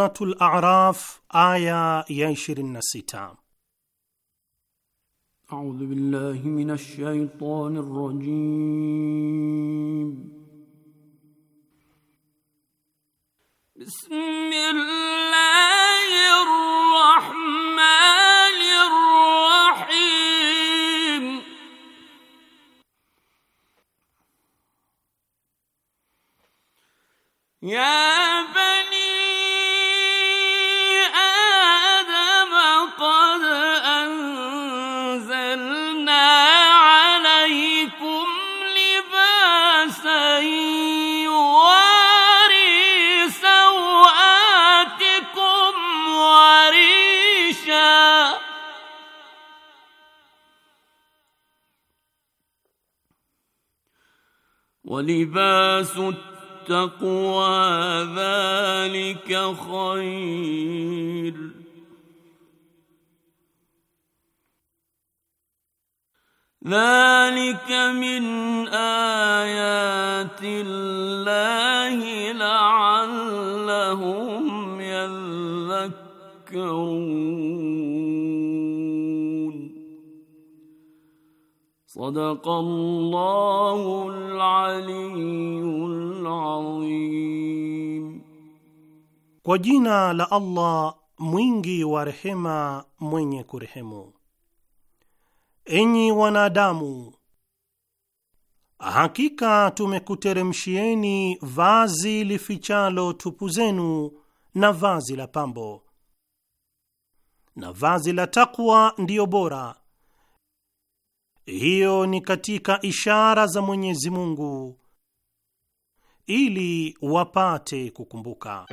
Suratul A'raf aya ya 26. أعوذ بالله من الشيطان الرجيم بسم الله الرحمن الرحيم يا ولباس التقوى ذلك خير ذلك من آيات الله لعلهم يذكرون Kwa jina la Allah mwingi wa rehema mwenye kurehemu. Enyi wanadamu, hakika tumekuteremshieni vazi lifichalo tupu zenu na vazi la pambo, na vazi la takwa ndiyo bora hiyo ni katika ishara za Mwenyezi Mungu ili wapate kukumbuka.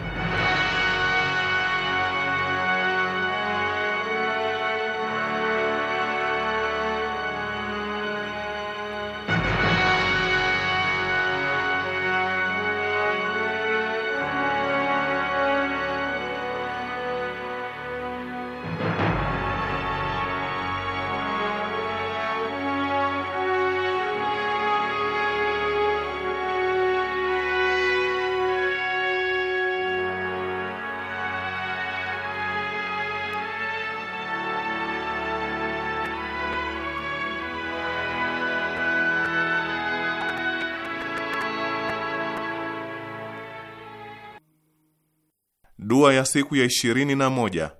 siku ya ishirini na moja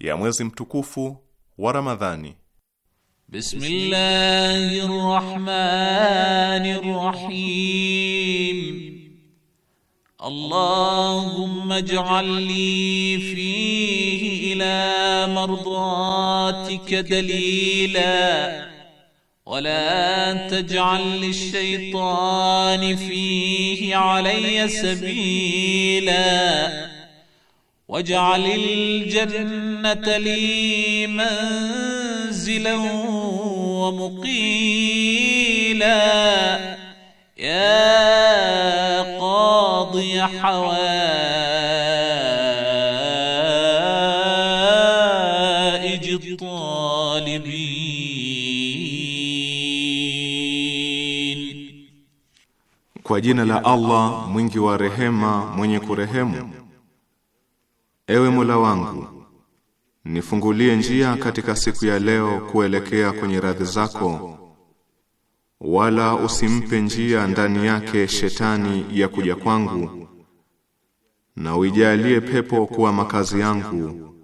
ya mwezi mtukufu wa Ramadhani. Bismillahir Rahmanir Rahim. Allahumma ij'al fihi ila mardatika dalila ولا تجعل للشيطان فيه علي سبيلا واجعل الجنة لي منزلا ومقيلا يا قاضي حوائج الطالبين Kwa jina la Allah mwingi wa rehema mwenye kurehemu Ewe Mola wangu, nifungulie njia katika siku ya leo kuelekea kwenye radhi zako, wala usimpe njia ndani yake shetani ya kuja kwangu, na uijalie pepo kuwa makazi yangu,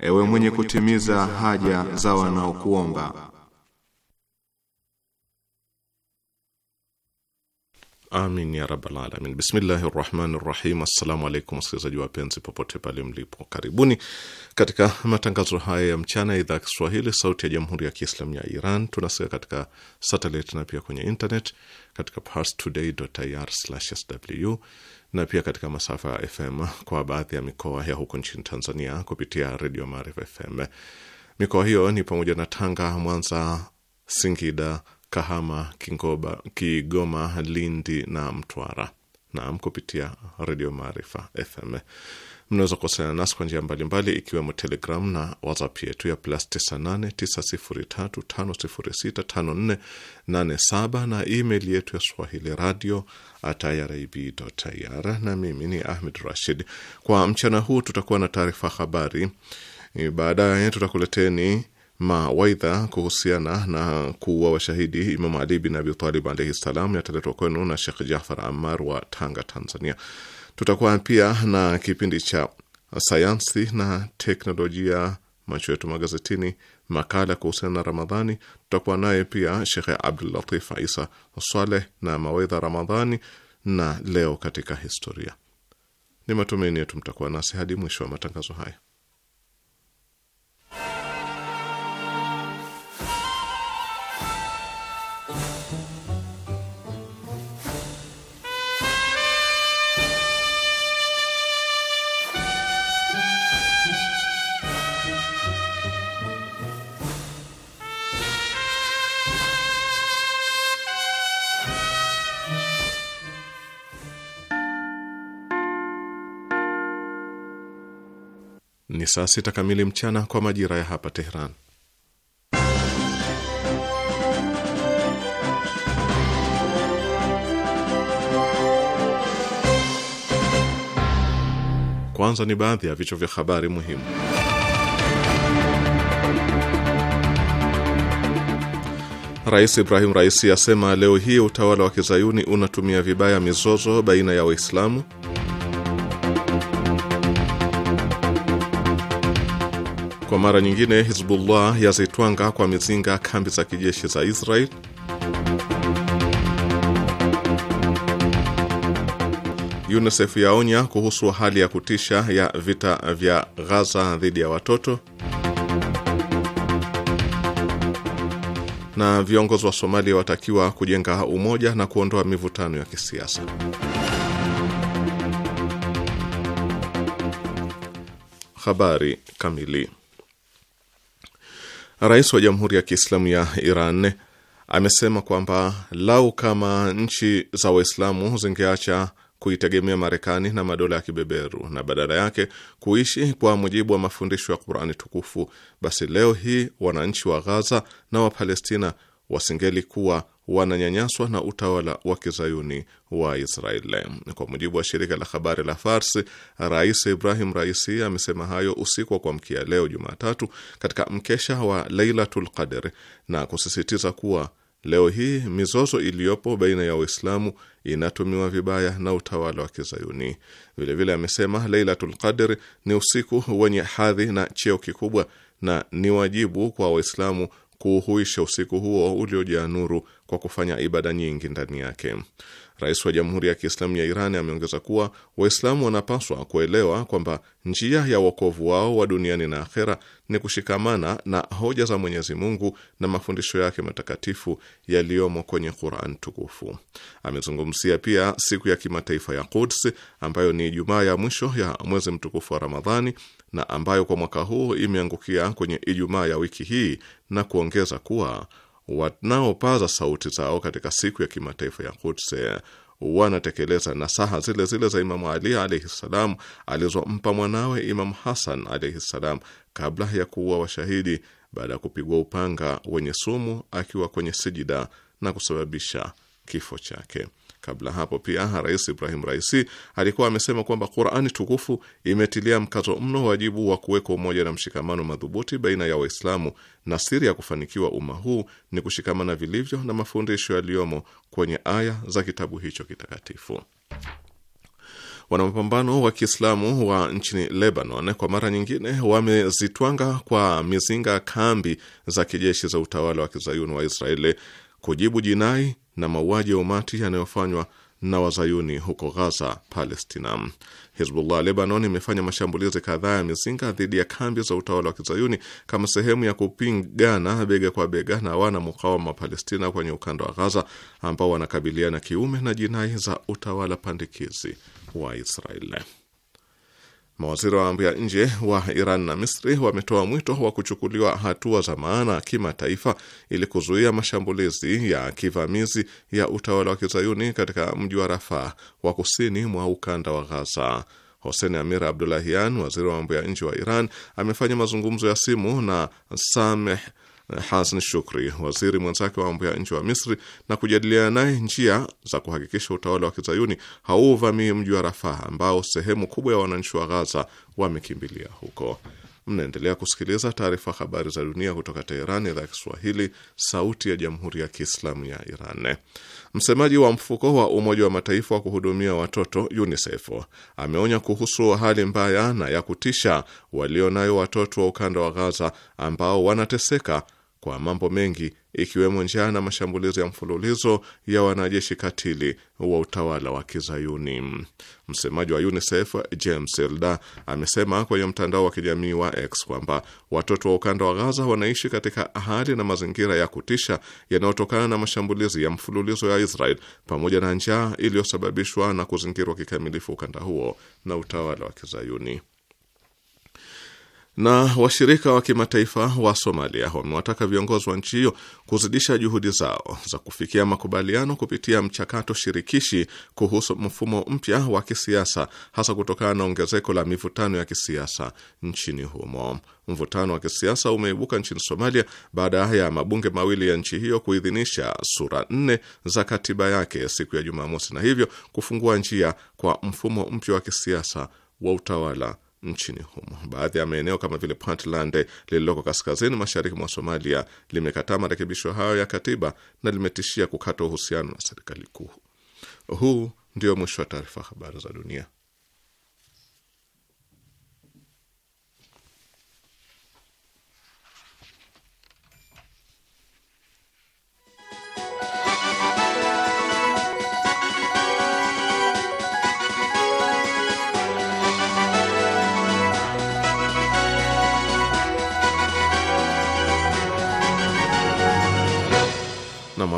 ewe mwenye kutimiza haja za wanaokuomba. Amin ya rabbal alamin. Bismillahi rahmani rahim. Assalamu alaikum wasikilizaji wapenzi, popote pale mlipo, karibuni katika matangazo haya ya mchana ya idhaa ya Kiswahili sauti ya jamhuri ya Kiislamu ya Iran. Tunasikia katika satelit na pia kwenye internet katika parstoday.ir/sw na pia katika masafa ya FM kwa baadhi ya mikoa ya huko nchini Tanzania kupitia redio Maarifa FM. Mikoa hiyo ni pamoja na Tanga, Mwanza, Singida, Kahama, Kingoba, Kigoma, Lindi na Mtwara nam kupitia Redio Maarifa FM. Mnaweza kuwasiliana nasi kwa njia mbalimbali ikiwemo Telegram na WhatsApp yetu ya plus 989035065487 na email yetu ya swahili radio irib.ir. Na mimi ni Ahmed Rashid. Kwa mchana huu tutakuwa na taarifa habari, baadaye tutakuleteni mawaidha kuhusiana na kuua washahidi Imam Ali bin Abi Talib alaihi salam yataletwa kwenu na Shekh Jafar amar wa Tanga, Tanzania. Tutakuwa pia na kipindi cha sayansi na teknolojia, macho yetu magazetini, makala kuhusiana na Ramadhani. Tutakuwa naye pia Shekhe Abdulatif Isa Swaleh na mawaidha Ramadhani na leo katika historia. Ni matumaini yetu mtakuwa nasi hadi mwisho wa matangazo haya. saa sita kamili mchana kwa majira ya hapa Teheran. Kwanza ni baadhi ya vichwa vya habari muhimu. Rais Ibrahim Raisi asema leo hii utawala wa kizayuni unatumia vibaya mizozo baina ya Waislamu. Kwa mara nyingine, Hizbullah yazitwanga kwa mizinga kambi za kijeshi za Israel. UNICEF yaonya kuhusu hali ya kutisha ya vita vya Gaza dhidi ya watoto. Na viongozi wa Somalia watakiwa kujenga umoja na kuondoa mivutano ya kisiasa. Habari kamili. Rais wa Jamhuri ya Kiislamu ya Iran amesema kwamba lau kama nchi za Waislamu zingeacha kuitegemea Marekani na madola ya kibeberu na badala yake kuishi kwa mujibu wa mafundisho ya Qurani tukufu, basi leo hii wananchi wa Ghaza na Wapalestina wasingelikuwa wananyanyaswa na utawala wa kizayuni wa Israeli. Kwa mujibu wa shirika la habari la Fars, Rais Ibrahim Raisi amesema hayo usiku wa kuamkia leo Jumatatu katika mkesha wa Lailatul Qadr na kusisitiza kuwa leo hii mizozo iliyopo baina ya Waislamu inatumiwa vibaya na utawala wa kizayuni. Vilevile amesema Lailatul Qadr ni usiku wenye hadhi na cheo kikubwa na ni wajibu kwa Waislamu kuuhuisha usiku huo uliojaa nuru kwa kufanya ibada nyingi ndani yake. Rais wa Jamhuri ya Kiislamu ya Iran ameongeza kuwa Waislamu wanapaswa kuelewa kwamba njia ya wokovu wao wa duniani na akhera ni kushikamana na hoja za Mwenyezi Mungu na mafundisho yake matakatifu yaliyomo kwenye Quran tukufu. Amezungumzia pia siku ya kimataifa ya Quds ambayo ni Ijumaa ya mwisho ya mwezi mtukufu wa Ramadhani na ambayo kwa mwaka huu imeangukia kwenye Ijumaa ya wiki hii na kuongeza kuwa wanaopaza sauti zao katika siku ya kimataifa ya Quds wanatekeleza nasaha zile zile za Imamu Ali alaihi ssalam alizompa mwanawe Imamu Hasan alaihi ssalam kabla ya kuua washahidi baada ya kupigwa upanga wenye sumu akiwa kwenye sijida na kusababisha kifo chake. Kabla hapo pia Rais Ibrahim Raisi alikuwa amesema kwamba Qurani tukufu imetilia mkazo mno wajibu wa kuweka umoja na mshikamano madhubuti baina ya Waislamu, na siri ya kufanikiwa umma huu ni kushikamana vilivyo na mafundisho yaliyomo kwenye aya za kitabu hicho kitakatifu. Wanamapambano wa Kiislamu wa nchini Lebanon kwa mara nyingine wamezitwanga kwa mizinga kambi za kijeshi za utawala wa kizayuni wa Israeli kujibu jinai na mauaji ya umati yanayofanywa na wazayuni huko Ghaza, Palestina. Hizbullah Lebanon imefanya mashambulizi kadhaa ya mizinga dhidi ya kambi za utawala wa kizayuni kama sehemu ya kupingana bega kwa bega na wana mukawama Palestina kwenye ukanda wa Ghaza ambao wanakabiliana kiume na jinai za utawala pandikizi wa Israeli. Mawaziri wa mambo ya nje wa Iran na Misri wametoa mwito wa kuchukuliwa hatua za maana kimataifa ili kuzuia mashambulizi ya kivamizi ya utawala wa kizayuni katika mji wa Rafaa wa kusini mwa ukanda wa Ghaza. hosen Amir Abdulahian, waziri wa mambo ya nje wa Iran, amefanya mazungumzo ya simu na Sameh Hasan Shukri, waziri mwenzake wa mambo ya nje wa Misri, na kujadiliana naye njia za kuhakikisha utawala wa kizayuni hauuvamii mji wa Rafaha ambao sehemu kubwa ya wananchi wa Ghaza wamekimbilia huko. Mnaendelea kusikiliza taarifa habari za dunia kutoka Teheran, idhaa ya Kiswahili, sauti ya jamhuri ya kiislamu ya Iran. Msemaji wa mfuko wa Umoja wa Mataifa wa kuhudumia watoto UNICEF ameonya kuhusu hali mbaya na ya kutisha walio nayo watoto wa ukanda wa Gaza ambao wanateseka kwa mambo mengi ikiwemo njaa na mashambulizi ya mfululizo ya wanajeshi katili wa utawala wa Kizayuni. Msemaji wa UNICEF James Elder amesema kwenye mtandao wa kijamii wa X kwamba watoto wa ukanda wa Gaza wanaishi katika hali na mazingira ya kutisha yanayotokana na mashambulizi ya mfululizo ya Israel pamoja na njaa iliyosababishwa na kuzingirwa kikamilifu ukanda huo na utawala wa Kizayuni. Na washirika wa kimataifa wa Somalia wamewataka viongozi wa nchi hiyo kuzidisha juhudi zao za kufikia makubaliano kupitia mchakato shirikishi kuhusu mfumo mpya wa kisiasa, hasa kutokana na ongezeko la mivutano ya kisiasa nchini humo. Mvutano wa kisiasa umeibuka nchini Somalia baada ya mabunge mawili ya nchi hiyo kuidhinisha sura nne za katiba yake siku ya Jumamosi, na hivyo kufungua njia kwa mfumo mpya wa kisiasa wa utawala nchini humo. Baadhi ya maeneo kama vile Puntland lililoko kaskazini mashariki mwa Somalia limekataa marekebisho hayo ya katiba na limetishia kukata uhusiano na serikali kuu. Huu ndio mwisho wa taarifa habari za dunia.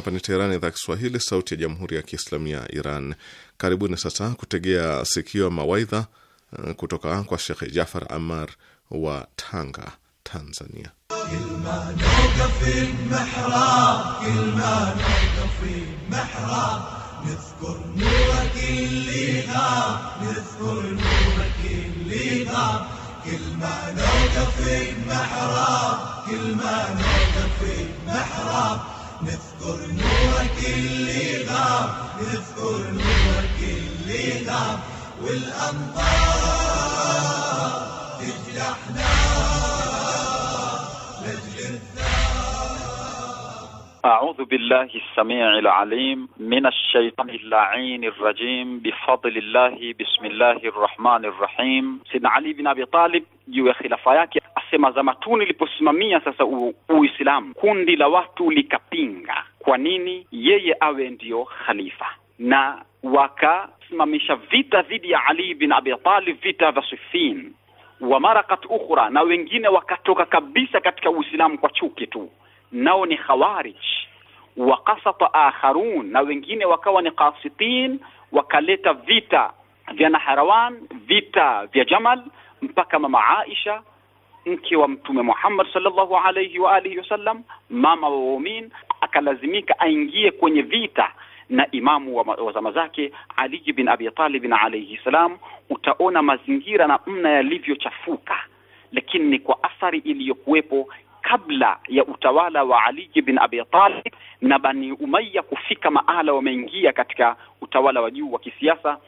Hapa ni Teherani, idhaa Kiswahili, sauti ya jamhuri ya kiislamu ya Iran. Karibuni sasa kutegea sikio mawaidha eh, kutoka kwa Shekh Jafar Amar wa Tanga, Tanzania. نذكر نورك اللي غاب نذكر نورك اللي غاب والأمطار تجلحنا لجل أعوذ بالله السميع العليم من الشيطان اللعين الرجيم بفضل الله بسم الله الرحمن الرحيم سيدنا علي بن أبي طالب يوخي لفاياك anasema zama tu niliposimamia sasa Uislamu, kundi la watu likapinga, kwa nini yeye awe ndiyo khalifa, na wakasimamisha vita dhidi ya Ali bin Abi Talib, vita vya Siffin wa marakat ukhra, na wengine wakatoka kabisa katika Uislamu kwa chuki tu, nao ni Khawarij wa kasata akharun, na wengine wakawa ni kasitin, wakaleta vita vya Naharawan, vita vya Jamal mpaka mama Aisha mke wa Mtume Muhammad sallallahu alayhi wa alihi wasallam, mama wa waumini, akalazimika aingie kwenye vita na imamu wa, wa zama zake Ali bin Abi Talib alayhi salam. Utaona mazingira na mna yalivyochafuka, lakini ni kwa athari iliyokuwepo kabla ya utawala wa Ali bin Abi Talib na Bani Umayya kufika mahala wameingia katika utawala wa juu wa kisiasa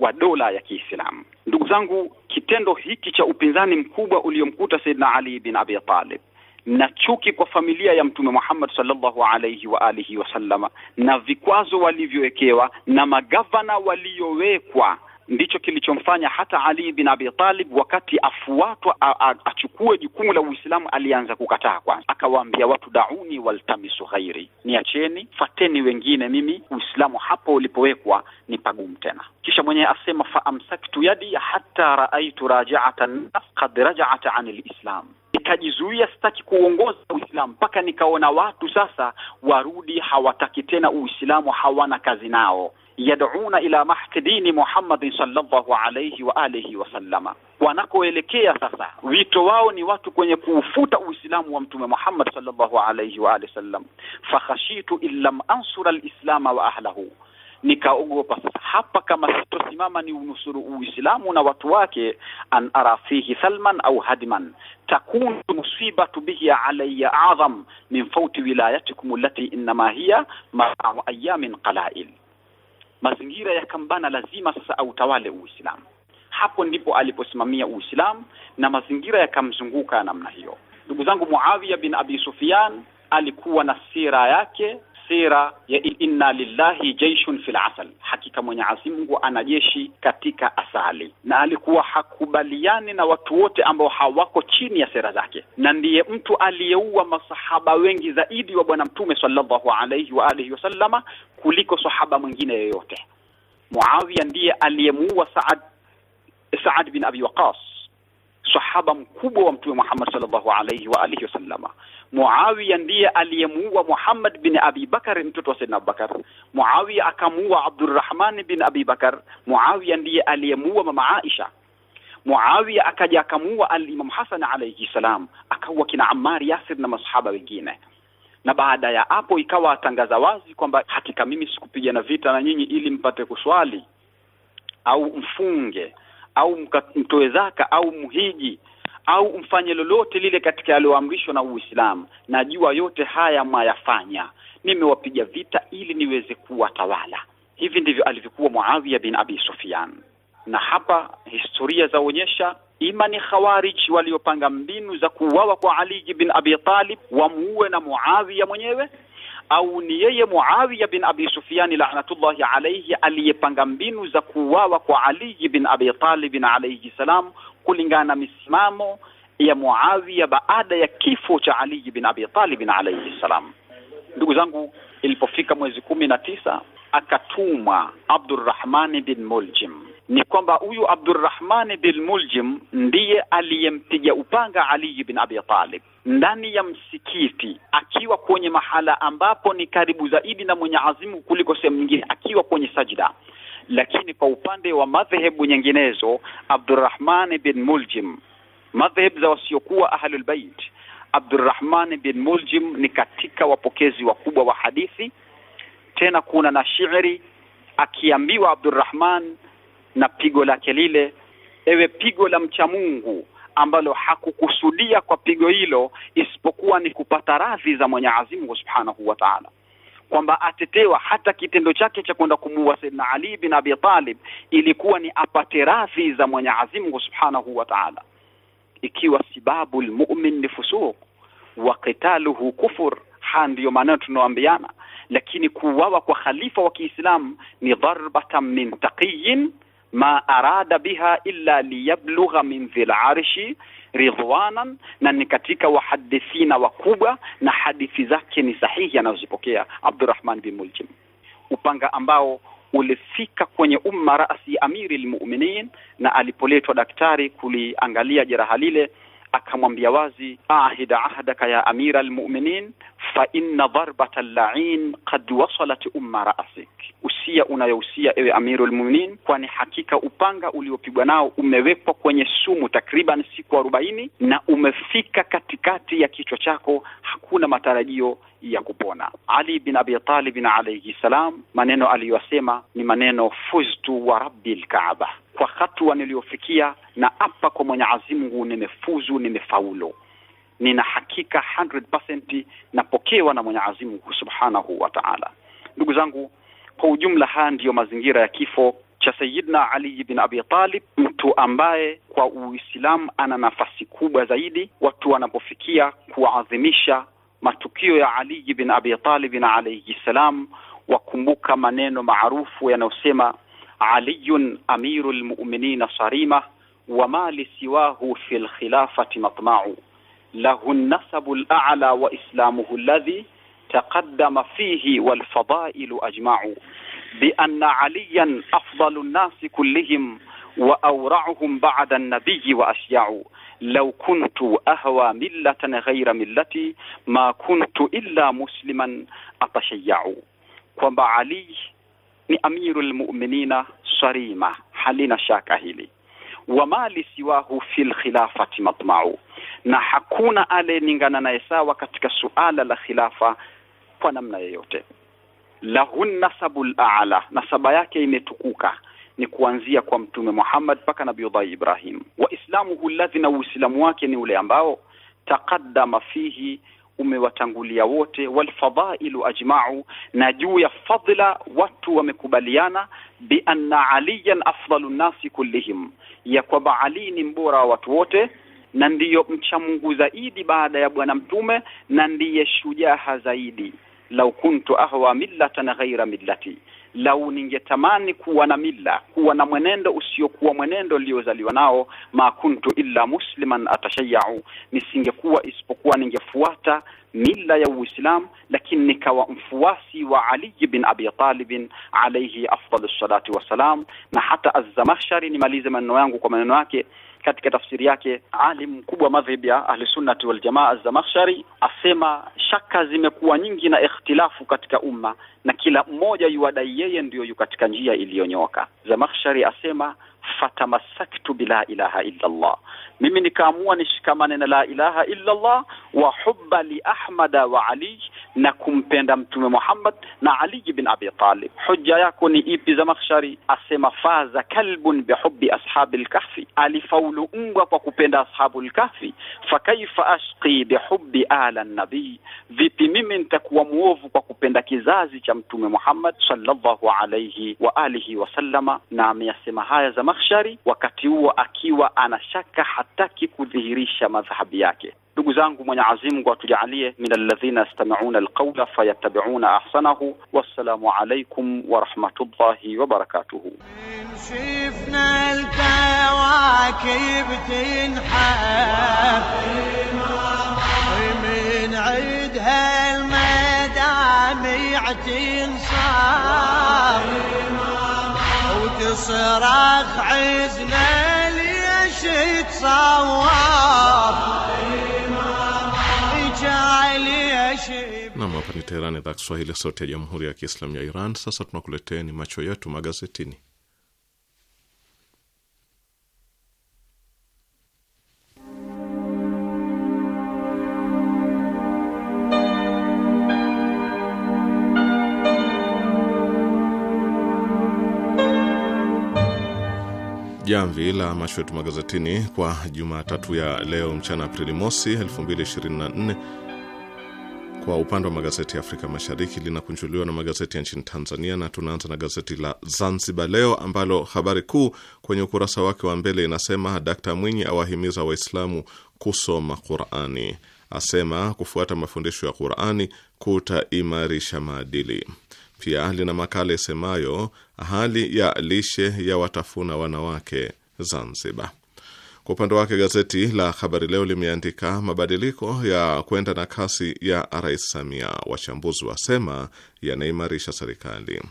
wa dola ya Kiislamu. Ndugu zangu, kitendo hiki cha upinzani mkubwa uliomkuta Saidna Ali bin Abi Talib na chuki kwa familia ya Mtume Muhammad sallallahu alayhi wa alihi wasallama na vikwazo walivyowekewa na magavana waliowekwa ndicho kilichomfanya hata Ali bin Abi Talib wakati afuatwa achukue jukumu la Uislamu alianza kukataa kwanza, akawaambia watu dauni waltamisu ghairi, niacheni fateni wengine, mimi Uislamu hapo ulipowekwa ni pagumu tena. Kisha mwenyewe asema faamsaktu yadi hata raaitu rajaata nas kad rajaat an lislam Nikajizuia, sitaki kuongoza Uislamu mpaka nikaona watu sasa warudi, hawataki tena Uislamu, hawana kazi nao yad'una ila mahtidini Muhammadin sallallahu alayhi wa alihi wasallama, wanakoelekea sasa wito wao ni watu kwenye kuufuta Uislamu wa Mtume Muhammad sallallahu alayhi wa alihi wasallam. Fakhashitu lam ansura alislama wa ahlahu, nikaogopa sasa hapa kama sitosimama ni unusuru Uislamu na watu wake, an ara fihi thalman au hadman takunu musibatu bihi alayya a'zam min fauti wilayatikum allati innama hiya mata'u ayamin qala'il mazingira yakambana, lazima sasa autawale Uislamu. Hapo ndipo aliposimamia Uislamu na mazingira yakamzunguka namna hiyo. Ndugu zangu, Muawiya bin Abi Sufyan alikuwa na sira yake sira ya inna lillahi jaishun fil asal, hakika Mwenyezi Mungu ana jeshi katika asali. Na alikuwa hakubaliani na watu wote ambao hawako chini ya sera zake, na ndiye mtu aliyeua masahaba wengi zaidi wa Bwana Mtume sallallahu alayhi wa alihi wasallama kuliko sahaba mwingine yoyote. Muawiya ndiye aliyemuua Saad, Saad bin Abi Waqas, sahaba mkubwa wa Mtume Muhammad sallallahu alayhi wa alihi wasallama. Muawiya ndiye aliyemuua Muhammad bin Abi Bakar, mtoto wa Saidna Abubakar. Muawiya akamuua Abdurrahman bin Abi Bakar. Muawiya ndiye aliyemuua mama Aisha. Muawiya akaja akamuua al-Imam Hasan alayhi salam, akaua kina Ammar Yasir na masahaba wengine. Na baada ya hapo ikawa atangaza wazi kwamba hakika mimi sikupigana vita na nyinyi ili mpate kuswali au mfunge au mtoe zaka au mhiji au mfanye lolote lile katika yaliyoamrishwa na Uislamu. Najua yote haya mwayafanya, nimewapiga vita ili niweze kuwatawala. Hivi ndivyo alivyokuwa Muawiya bin Abi Sufyan, na hapa historia zaonyesha ima ni Khawarij waliopanga mbinu za kuuawa kwa Ali bin Abi Talib wamuue na Muawiya mwenyewe au ni yeye Muawiya bin Abi Sufyan laanatullahi alayhi aliyepanga mbinu za kuuawa kwa Ali bin Abi Talib alayhi salam kulingana na misimamo ya Muawiya baada ya kifo cha Ali bin Abi Talib alayhi salam. Ndugu zangu, ilipofika mwezi kumi na tisa akatumwa Abdurrahmani bin Muljim. Ni kwamba huyu Abdurrahmani bin Muljim ndiye aliyempiga upanga Ali bin Abi Talib ndani ya msikiti, akiwa kwenye mahala ambapo ni karibu zaidi na Mwenye Azimu kuliko sehemu nyingine, akiwa kwenye sajida lakini kwa upande wa madhehebu nyinginezo, Abdurrahman bin Muljim, madhehebu za wasiokuwa ahlul bait, Abdurrahman bin Muljim ni katika wapokezi wakubwa wa hadithi. Tena kuna na shairi, akiambiwa Abdurrahman na pigo lake lile, ewe pigo la mcha Mungu ambalo hakukusudia kwa pigo hilo isipokuwa ni kupata radhi za Mwenyezi Mungu Subhanahu wa Ta'ala kwamba atetewa hata kitendo chake cha kwenda kumuua Saidna Ali bin Abi Talib ilikuwa ni apate radhi za Mwenyezi Mungu Subhanahu wa Ta'ala, ikiwa sibabu lmumin ni fusuq wa qitaluhu kufur. Ha, ndiyo maana tunaoambiana, lakini kuuawa kwa khalifa wa Kiislamu ni dharbatan min taqiyin ma arada biha illa liyablugha min dhil arshi ridwanan, na ni katika wahadithina wakubwa na hadithi zake ni sahihi anazozipokea Abdurrahman bin Muljim, upanga ambao ulifika kwenye umma rasi amiri lmuminin, na alipoletwa daktari kuliangalia jeraha lile akamwambia wazi, ahida ahdaka ya amira lmuminin fa inna dharbata llain qad wasalat umma rasik usia unayousia ewe Amiru lmuminin, kwani hakika upanga uliopigwa nao umewekwa kwenye sumu takriban siku arobaini na umefika katikati ya kichwa chako, hakuna matarajio ya kupona. Ali bin Abi Talib alayhi salam, maneno aliyosema ni maneno fuztu wa rabbil kaaba, kwa hatua niliyofikia na apa kwa Mwenyezi Mungu nimefuzu, nimefaulu nina hakika 100% napokewa na Mwenyezi Mungu Subhanahu wa Ta'ala. Ndugu zangu, kwa ujumla, haya ndiyo mazingira ya kifo cha Sayyidina Ali bin Abi Talib, mtu ambaye kwa Uislamu ana nafasi kubwa zaidi watu wanapofikia kuadhimisha matukio ya Ali bin Abi Talib alayhi salam, wakumbuka maneno maarufu yanayosema aliyun amirul mu'minina sarima wa mali siwahu fil khilafati matma'u له النسب الأعلى وإسلامه الذي تقدم فيه والفضائل أجمع بأن عليا أفضل الناس كلهم وأورعهم بعد النبي وأشيع لو كنت أهوى ملة غير ملتي ما كنت إلا مسلما أتشيع kwamba علي أمير المؤمنين صريمة sarima, halina shaka wa mali siwahu fil khilafati matmau, na hakuna aleningana naye sawa katika suala la khilafa kwa namna yeyote. Lahun nasabul a'la, nasaba yake imetukuka ni kuanzia kwa Mtume Muhammad mpaka Nabiyullahi Ibrahim. Waislamuhu alladhi, na Uislamu wake ni ule ambao taqaddama fihi umewatangulia wote, walfadhailu ajmau, na juu ya fadhila watu wamekubaliana, bi anna aliyan afdalu nnasi kullihim, ya kwamba Ali ni mbora wa watu wote na ndiyo mcha Mungu zaidi baada ya Bwana Mtume na ndiye shujaa zaidi. lau kuntu ahwa millatan ghaira millati lau ningetamani kuwa na mila, kuwa na mwenendo usiokuwa mwenendo uliozaliwa nao, ma kuntu illa musliman atashayau, nisingekuwa isipokuwa ningefuata mila ya Uislamu, lakini nikawa mfuasi wa Ali bin Abi Talib alayhi afdalus salatu wassalam. Na hata Az-Zamakhshari, nimalize maneno yangu kwa maneno yake katika tafsiri yake alim mkubwa madhhabi ya Ahlusunnati Waljamaa azamakhshari asema shaka zimekuwa nyingi na ikhtilafu katika umma, na kila mmoja yuadai yeye ndiyo yu katika njia iliyonyoka. Zamakhshari asema fatamasaktu bila ilaha illa Allah, mimi nikaamua nishikamane na la ilaha illa Allah wa hubba li ahmada wa ali, na kumpenda Mtume Muhammad na Ali bin Abi Talib. Hujja yako ni ipi? Zamakhshari asema faza kalbun bihubbi ashabi lkahfi, alifaulu mbwa kwa kupenda ashabu lkahfi. Fakaifa ashqi bihubbi ala nabii, vipi mimi nitakuwa mwovu kwa kupenda kizazi cha Mtume Muhammad sallallahu alayhi wa alihi wasallama. Na ameyasema haya zama Makhshari, wakati huo akiwa anashaka, hataki kudhihirisha madhhabi yake. Ndugu zangu, Mwenyezi Mungu atujalie min alladhina yastami'una alqawla fayattabi'una ahsanahu. Wassalamu alaykum wa rahmatullahi wa barakatuh. Shifna صراخ عزنا ليش تصور Nam, hapa ni Teherani, idhaa Kiswahili, sauti ya jamhuri ya kiislamu ya Iran. Sasa tunakuleteeni macho yetu magazetini. jamvi la macho yetu magazetini kwa Jumatatu ya leo mchana Aprili mosi 2024. Kwa upande wa magazeti ya Afrika Mashariki linakunjuliwa na magazeti ya nchini Tanzania, na tunaanza na gazeti la Zanzibar Leo ambalo habari kuu kwenye ukurasa wake wa mbele inasema Dkt Mwinyi awahimiza Waislamu kusoma Qurani, asema kufuata mafundisho ya Qurani kutaimarisha maadili. Pia lina makala isemayo hali ya lishe ya watafuna wanawake Zanzibar. Kwa upande wake gazeti la Habari Leo limeandika mabadiliko ya kwenda na kasi ya Rais Samia, wachambuzi wasema yanaimarisha serikali.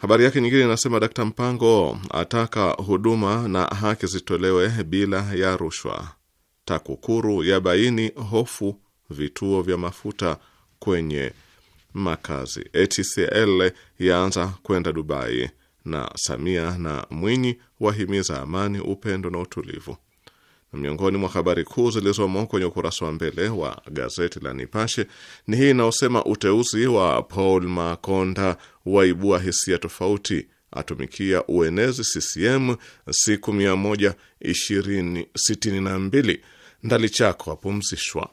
Habari yake nyingine inasema Dkt Mpango ataka huduma na haki zitolewe bila ya rushwa. TAKUKURU ya baini hofu vituo vya mafuta kwenye makazi. ATCL yaanza kwenda Dubai, na Samia na Mwinyi wahimiza amani, upendo na utulivu. miongoni mwa habari kuu zilizomo kwenye ukurasa wa mbele wa gazeti la Nipashe ni hii inayosema uteuzi wa Paul Makonda waibua hisia tofauti, atumikia uenezi CCM siku 1262 ndali chako apumzishwa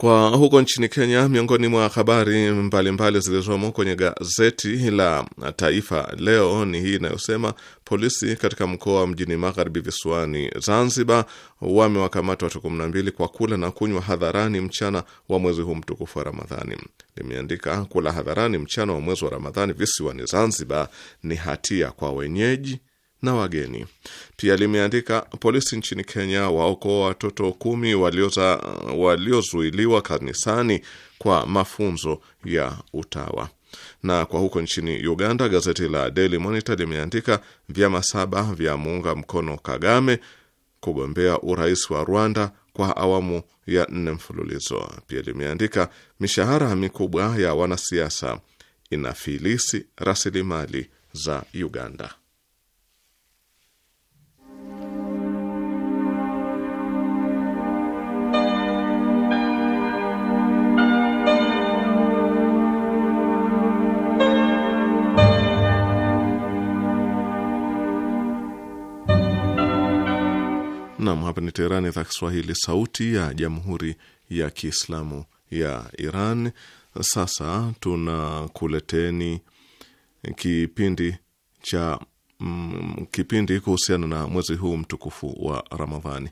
kwa huko nchini Kenya, miongoni mwa habari mbalimbali zilizomo kwenye gazeti la Taifa Leo ni hii inayosema polisi katika mkoa wa mjini magharibi visiwani Zanzibar wamewakamata watu 12 kwa kula na kunywa hadharani mchana wa mwezi huu mtukufu wa Ramadhani. Limeandika, kula hadharani mchana wa mwezi wa Ramadhani visiwani Zanzibar ni hatia kwa wenyeji na wageni. Pia limeandika polisi nchini Kenya waokoa watoto kumi waliozuiliwa walio kanisani kwa mafunzo ya utawa. Na kwa huko nchini Uganda, gazeti la Daily Monitor limeandika vyama saba vya muunga mkono Kagame kugombea urais wa Rwanda kwa awamu ya nne mfululizo. Pia limeandika mishahara mikubwa ya wanasiasa inafilisi rasilimali za Uganda. Nam, hapa ni Teherani, idhaa Kiswahili, sauti ya jamhuri ya kiislamu ya Iran. Sasa tunakuleteni kipindi cha mm, kipindi kuhusiana na mwezi huu mtukufu wa Ramadhani.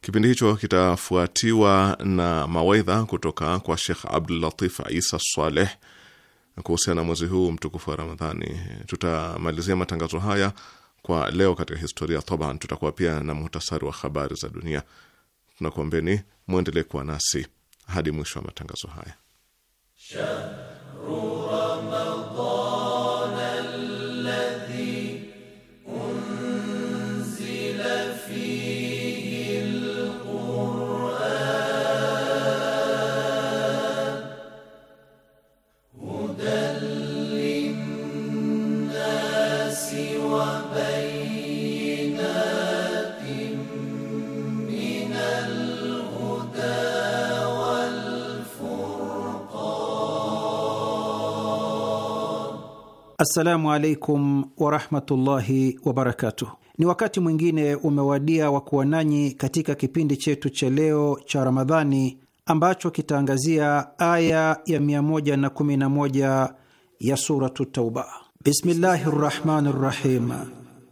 Kipindi hicho kitafuatiwa na mawaidha kutoka kwa Shekh Abdulatif Isa Saleh kuhusiana na mwezi huu mtukufu wa Ramadhani. Tutamalizia matangazo haya kwa leo katika historia. Taban tutakuwa pia na muhtasari wa habari za dunia. Tunakuombeni mwendelee kuwa nasi hadi mwisho wa matangazo haya. Assalamu alaikum warahmatullahi wabarakatuh. Ni wakati mwingine umewadia wa kuwa nanyi katika kipindi chetu cha leo cha Ramadhani ambacho kitaangazia aya ya 111 ya Suratu Tauba. Bismillahi Rahmanir rahim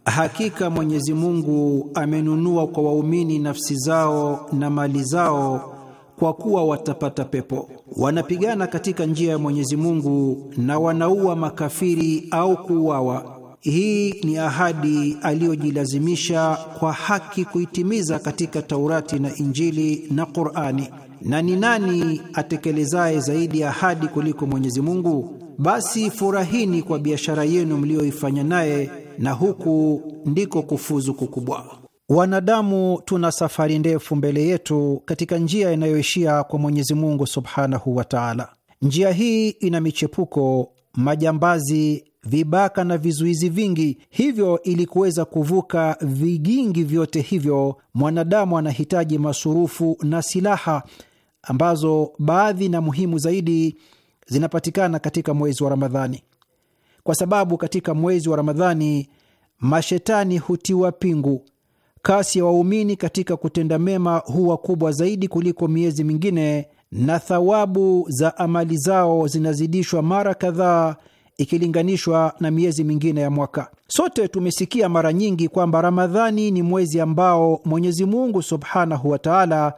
hakika Mwenyezi Mungu amenunua kwa waumini nafsi zao na mali zao kwa kuwa watapata pepo. Wanapigana katika njia ya Mwenyezi Mungu na wanaua makafiri au kuuawa. Hii ni ahadi aliyojilazimisha kwa haki kuitimiza katika Taurati na Injili na Qur'ani. Na ni nani atekelezaye zaidi ahadi kuliko Mwenyezi Mungu? basi furahini kwa biashara yenu mliyoifanya naye, na huku ndiko kufuzu kukubwa. Wanadamu tuna safari ndefu mbele yetu katika njia inayoishia kwa Mwenyezi Mungu subhanahu wa taala. Njia hii ina michepuko, majambazi, vibaka na vizuizi vingi. Hivyo, ili kuweza kuvuka vigingi vyote hivyo, mwanadamu anahitaji masurufu na silaha ambazo baadhi na muhimu zaidi zinapatikana katika mwezi wa Ramadhani, kwa sababu katika mwezi wa Ramadhani mashetani hutiwa pingu. Kasi ya wa waumini katika kutenda mema huwa kubwa zaidi kuliko miezi mingine, na thawabu za amali zao zinazidishwa mara kadhaa ikilinganishwa na miezi mingine ya mwaka. Sote tumesikia mara nyingi kwamba Ramadhani ni mwezi ambao Mwenyezi Mungu subhanahu wa taala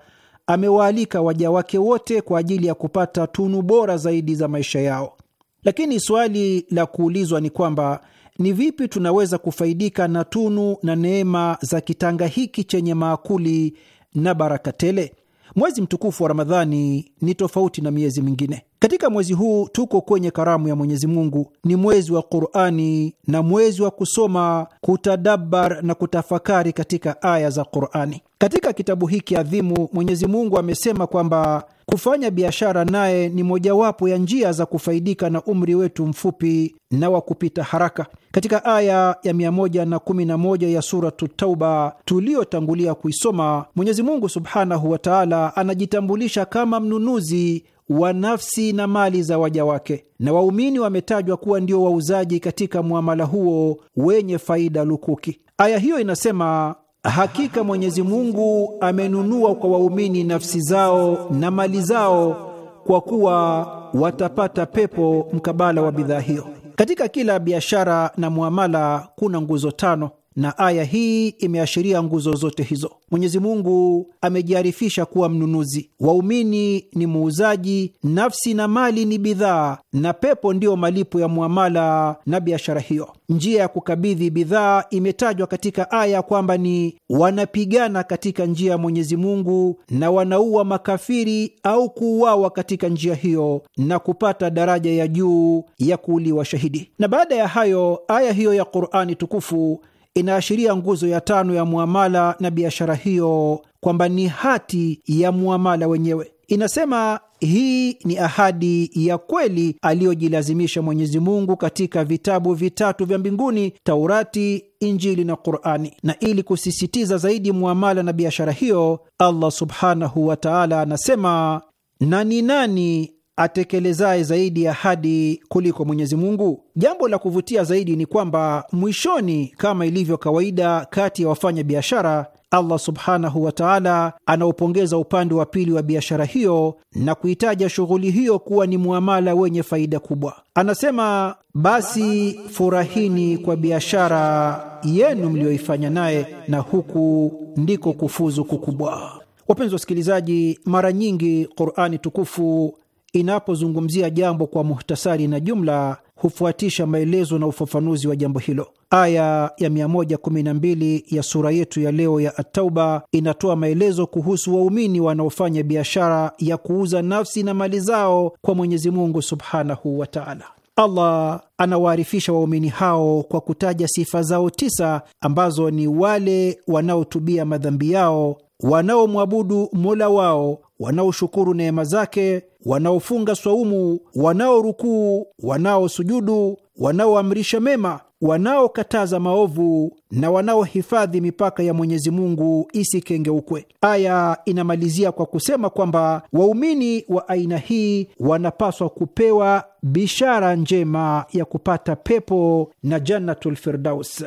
amewaalika waja wake wote kwa ajili ya kupata tunu bora zaidi za maisha yao. Lakini swali la kuulizwa ni kwamba ni vipi tunaweza kufaidika na tunu na neema za kitanga hiki chenye maakuli na baraka tele? Mwezi mtukufu wa Ramadhani ni tofauti na miezi mingine. Katika mwezi huu tuko kwenye karamu ya Mwenyezi Mungu, ni mwezi wa Qurani na mwezi wa kusoma, kutadabar na kutafakari katika aya za Qurani. Katika kitabu hiki adhimu, Mwenyezi Mungu amesema kwamba Kufanya biashara naye ni mojawapo ya njia za kufaidika na umri wetu mfupi na wa kupita haraka. Katika aya ya 111 ya Suratu Tauba tuliyotangulia kuisoma, Mwenyezi Mungu subhanahu wa taala anajitambulisha kama mnunuzi wa nafsi na mali za waja wake, na waumini wametajwa kuwa ndio wauzaji katika muamala huo wenye faida lukuki. Aya hiyo inasema Hakika Mwenyezi Mungu amenunua kwa waumini nafsi zao na mali zao kwa kuwa watapata pepo mkabala wa bidhaa hiyo. Katika kila biashara na muamala kuna nguzo tano na aya hii imeashiria nguzo zote hizo. Mwenyezi Mungu amejiarifisha kuwa mnunuzi, waumini ni muuzaji, nafsi na mali ni bidhaa, na pepo ndiyo malipo ya muamala na biashara hiyo. Njia ya kukabidhi bidhaa imetajwa katika aya kwamba ni wanapigana katika njia ya Mwenyezi Mungu na wanaua makafiri au kuuawa katika njia hiyo na kupata daraja ya juu ya kuuliwa shahidi. Na baada ya hayo aya hiyo ya Qur'ani tukufu inaashiria nguzo ya tano ya muamala na biashara hiyo, kwamba ni hati ya muamala wenyewe. Inasema hii ni ahadi ya kweli aliyojilazimisha Mwenyezi Mungu katika vitabu vitatu vya mbinguni, Taurati, Injili na Qurani. Na ili kusisitiza zaidi muamala na biashara hiyo, Allah subhanahu wataala anasema, na ni nani atekelezaye zaidi ahadi kuliko Mwenyezi Mungu. Jambo la kuvutia zaidi ni kwamba mwishoni, kama ilivyo kawaida kati ya wafanya biashara, Allah subhanahu wa taala anaupongeza upande wa pili wa biashara hiyo na kuitaja shughuli hiyo kuwa ni muamala wenye faida kubwa. Anasema, basi furahini kwa biashara yenu mliyoifanya naye, na huku ndiko kufuzu kukubwa. Wapenzi wasikilizaji, mara nyingi Qurani tukufu inapozungumzia jambo kwa muhtasari na jumla hufuatisha maelezo na ufafanuzi wa jambo hilo. Aya ya 112 ya sura yetu ya leo ya Atauba inatoa maelezo kuhusu waumini wanaofanya biashara ya kuuza nafsi na mali zao kwa Mwenyezi Mungu subhanahu wa taala. Allah anawaarifisha waumini hao kwa kutaja sifa zao tisa ambazo ni wale wanaotubia madhambi yao, wanaomwabudu mola wao, wanaoshukuru neema zake wanaofunga swaumu, wanaorukuu, wanaosujudu, wanaoamrisha mema, wanaokataza maovu na wanaohifadhi mipaka ya Mwenyezi Mungu isikengeukwe. Aya inamalizia kwa kusema kwamba waumini wa aina hii wanapaswa kupewa bishara njema ya kupata pepo na Jannatul Firdaus.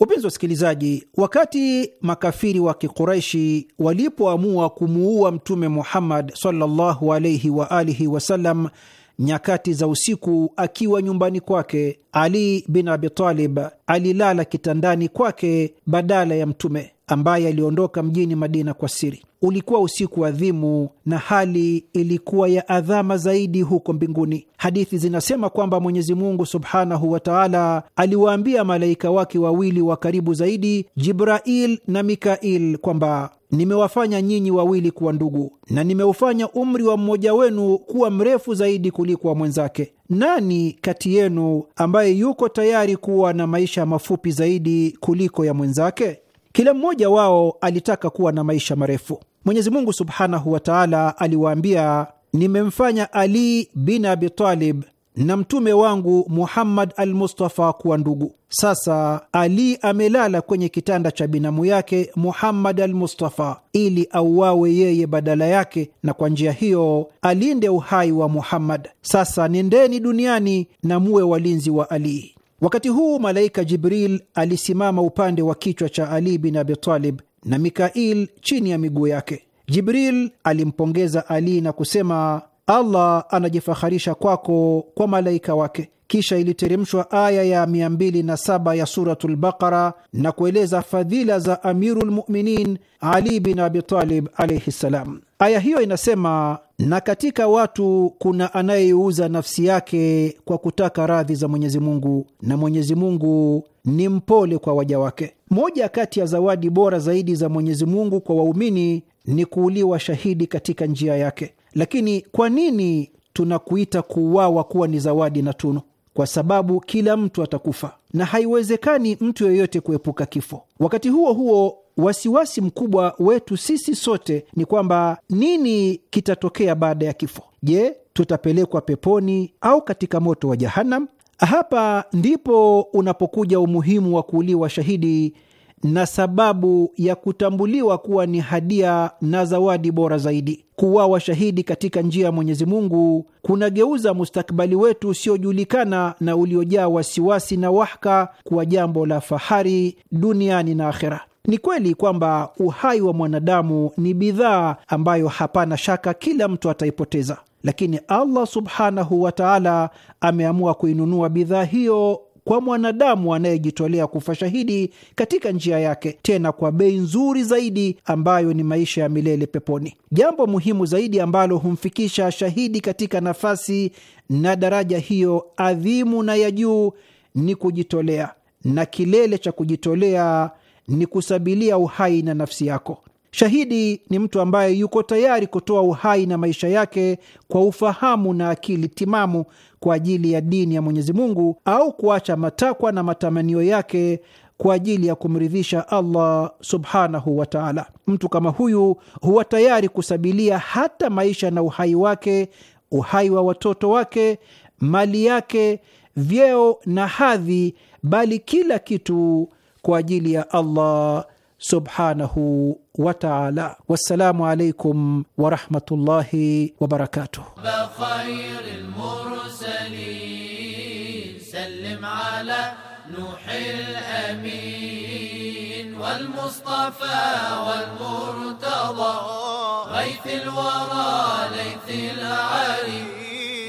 Wapenzi wasikilizaji, wakati makafiri wa Kikuraishi walipoamua kumuua Mtume Muhammad sallallahu alaihi wa alihi wasallam nyakati za usiku akiwa nyumbani kwake, Ali bin Abi Talib alilala kitandani kwake badala ya Mtume ambaye aliondoka mjini Madina kwa siri. Ulikuwa usiku adhimu na hali ilikuwa ya adhama zaidi huko mbinguni. Hadithi zinasema kwamba Mwenyezi Mungu subhanahu wa taala aliwaambia malaika wake wawili wa karibu zaidi, Jibrail na Mikail, kwamba nimewafanya nyinyi wawili kuwa ndugu na nimeufanya umri wa mmoja wenu kuwa mrefu zaidi kuliko wa mwenzake. Nani kati yenu ambaye yuko tayari kuwa na maisha mafupi zaidi kuliko ya mwenzake? Kila mmoja wao alitaka kuwa na maisha marefu. Mwenyezi Mungu subhanahu wa taala aliwaambia, nimemfanya Ali bin Abi Talib na mtume wangu Muhammad al Mustafa kuwa ndugu. Sasa Ali amelala kwenye kitanda cha binamu yake Muhammad al Mustafa ili auawe yeye badala yake, na kwa njia hiyo alinde uhai wa Muhammad. Sasa nendeni duniani na muwe walinzi wa Ali. Wakati huu malaika Jibril alisimama upande wa kichwa cha Ali bin Abi Talib na Mikail chini ya miguu yake. Jibril alimpongeza Ali na kusema, Allah anajifaharisha kwako kwa malaika wake. Kisha iliteremshwa aya ya 207 ya Suratul Baqara na kueleza fadhila za Amirul Muminin Ali bin Abi Talib alaihi ssalam. Aya hiyo inasema, na katika watu kuna anayeiuza nafsi yake kwa kutaka radhi za Mwenyezi Mungu, na Mwenyezi Mungu ni mpole kwa waja wake. Moja kati ya zawadi bora zaidi za Mwenyezi Mungu kwa waumini ni kuuliwa shahidi katika njia yake. Lakini kwa nini tunakuita kuuawa kuwa ni zawadi na tunu? Kwa sababu kila mtu atakufa na haiwezekani mtu yeyote kuepuka kifo. Wakati huo huo wasiwasi mkubwa wetu sisi sote ni kwamba nini kitatokea baada ya kifo? Je, tutapelekwa peponi au katika moto wa Jahanam? Hapa ndipo unapokuja umuhimu wa kuuliwa shahidi na sababu ya kutambuliwa kuwa ni hadia na zawadi bora zaidi. Kuwawa shahidi katika njia ya Mwenyezi Mungu kunageuza mustakbali wetu usiojulikana na uliojaa wasiwasi na wahka kuwa jambo la fahari duniani na akhera. Ni kweli kwamba uhai wa mwanadamu ni bidhaa ambayo hapana shaka kila mtu ataipoteza, lakini Allah subhanahu wa taala ameamua kuinunua bidhaa hiyo kwa mwanadamu anayejitolea kufa shahidi katika njia yake, tena kwa bei nzuri zaidi ambayo ni maisha ya milele peponi. Jambo muhimu zaidi ambalo humfikisha shahidi katika nafasi na daraja hiyo adhimu na ya juu ni kujitolea, na kilele cha kujitolea ni kusabilia uhai na nafsi yako. Shahidi ni mtu ambaye yuko tayari kutoa uhai na maisha yake kwa ufahamu na akili timamu kwa ajili ya dini ya Mwenyezi Mungu au kuacha matakwa na matamanio yake kwa ajili ya kumridhisha Allah subhanahu wa taala. Mtu kama huyu huwa tayari kusabilia hata maisha na uhai wake, uhai wa watoto wake, mali yake, vyeo na hadhi, bali kila kitu kwa ajili ya Allah subhanahu wa taala. Wassalamu alaikum warahmatullahi wabarakatuh.